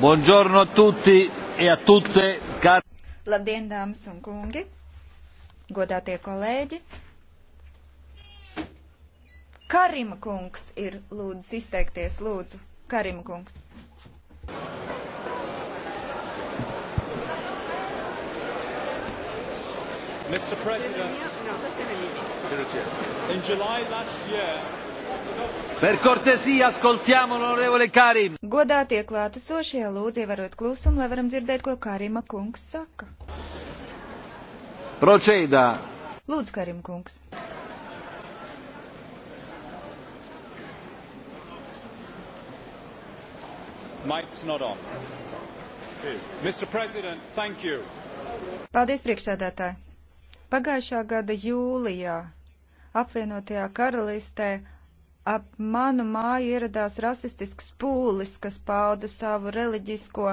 Buongiorno a tutti e a tutte. Car... Labdien, dāmas un kungi, godātie kolēģi. Karima kungs ir lūdzu izteikties, lūdzu, Karima kungs. Mr. President, in July last year, Per cortesia, ascoltiamo l'onorevole Karim. Godātie klātesošie, lūdzu, ievērot klusumu, lai varam dzirdēt, ko Karima kungs saka. Procēdā. Lūdzu, Karim kungs. Mike's not on. Mr. President, thank you. Paldies, priekšsēdētāji. Pagājušā gada jūlijā apvienotajā karalistē ap manu māju ieradās rasistisks pūlis, kas pauda savu reliģisko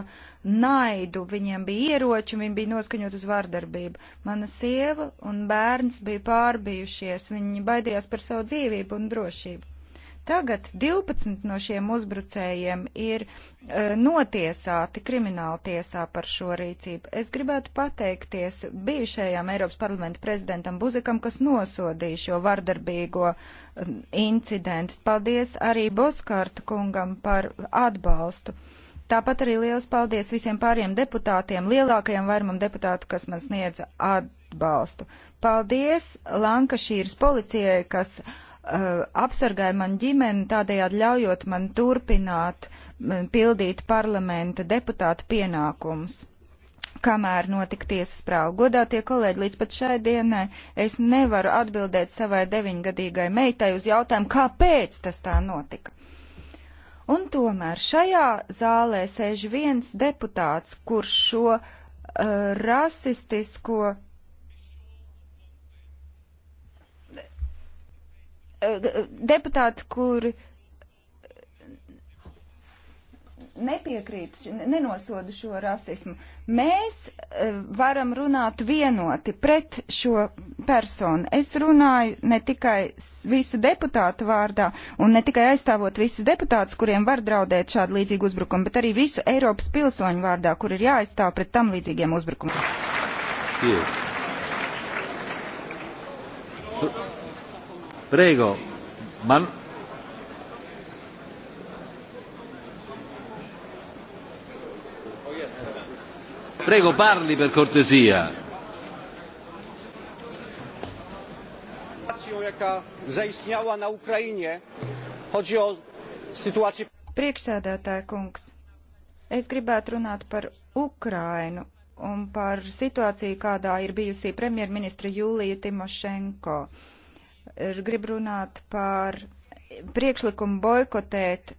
naidu. Viņiem bija ieroči, viņi bija noskaņot uz vardarbību. Mana sieva un bērns bija pārbijušies, viņi baidījās par savu dzīvību un drošību. Tagad 12 no šiem uzbrucējiem ir uh, notiesāti krimināla tiesā par šo rīcību. Es gribētu pateikties bijušajām Eiropas parlamenta prezidentam Buzikam, kas nosodīja šo vardarbīgo uh, incidentu. Paldies arī Boskārta kungam par atbalstu. Tāpat arī liels paldies visiem pāriem deputātiem, lielākajam vairumam deputātu, kas man sniedza atbalstu. Paldies Lankašīras policijai, kas Eh, apsargāja man ģimeni, tādējādi ļaujot man turpināt mm, pildīt parlamenta deputāta pienākumus kamēr notika tiesas prāva. Godātie kolēģi, līdz pat šai dienai es nevaru atbildēt savai deviņgadīgai meitai uz jautājumu, kāpēc tas tā notika. Un tomēr šajā zālē sēž viens deputāts, kurš šo uh, rasistisko deputāti, kuri nepiekrīt, nenosodu šo rasismu. Mēs e, varam runāt vienoti pret šo personu. Es runāju ne tikai visu deputātu vārdā un ne tikai aizstāvot visus deputātus, kuriem var draudēt šādu līdzīgu uzbrukumu, bet arī visu Eiropas pilsoņu vārdā, kur ir jāaizstāv pret tam līdzīgiem uzbrukumiem. Yeah. Prego. Man... Prego, parli per cortesia. jaka zaistniała na Ukrainie. Chodzi o sytuację. Priekšsēdētāja kungs, es gribētu runāt par Ukrainu un par situāciju, kādā ir bijusi premjerministra Jūlija Timošenko. Uh, Gribu runāt par priekšlikumu boikotēt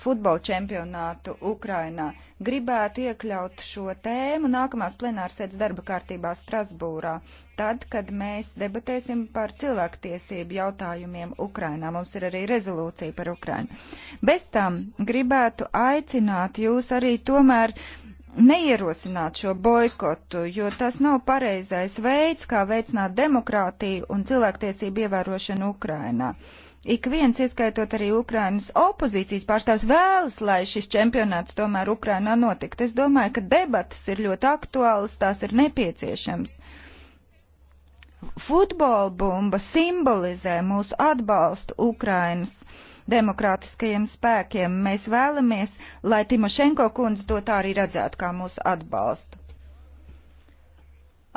futbola čempionātu Ukrainā. Gribētu iekļaut šo tēmu nākamās plenārsēdes darba kārtībā Strasbūrā, tad, kad mēs debatēsim par cilvēktiesību jautājumiem Ukrainā. Mums ir arī rezolūcija par Ukrainu. Bez tam gribētu aicināt jūs arī tomēr neierosināt šo boikotu, jo tas nav pareizais veids, kā veicināt demokrātiju un cilvēktiesību ievērošanu Ukrainā. Ik viens, ieskaitot arī Ukrainas opozīcijas pārstāvs, vēlas, lai šis čempionāts tomēr Ukrainā notiktu. Es domāju, ka debatas ir ļoti aktuālas, tās ir nepieciešams. Futbola bumba simbolizē mūsu atbalstu Ukrainas uh, demokrātiskajiem spēkiem. Mēs vēlamies, lai Timošenko kundze to tā arī redzētu kā mūsu atbalstu.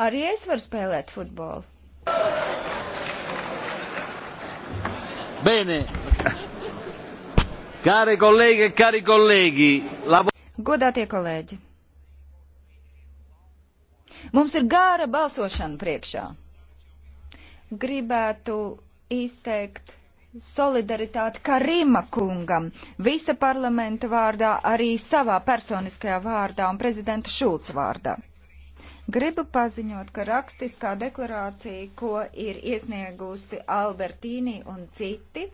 Arī es varu spēlēt futbolu. Bene. Care colleghe e cari colleghi, la... Godātie kolēģi, mums ir gāra balsošana priekšā. Gribētu izteikt solidaritāti Karima kungam, visa parlamenta vārdā, arī savā personiskajā vārdā un prezidenta Šulca vārdā. Gribu paziņot, ka rakstiskā deklarācija, ko ir iesniegusi Albertīni un citi,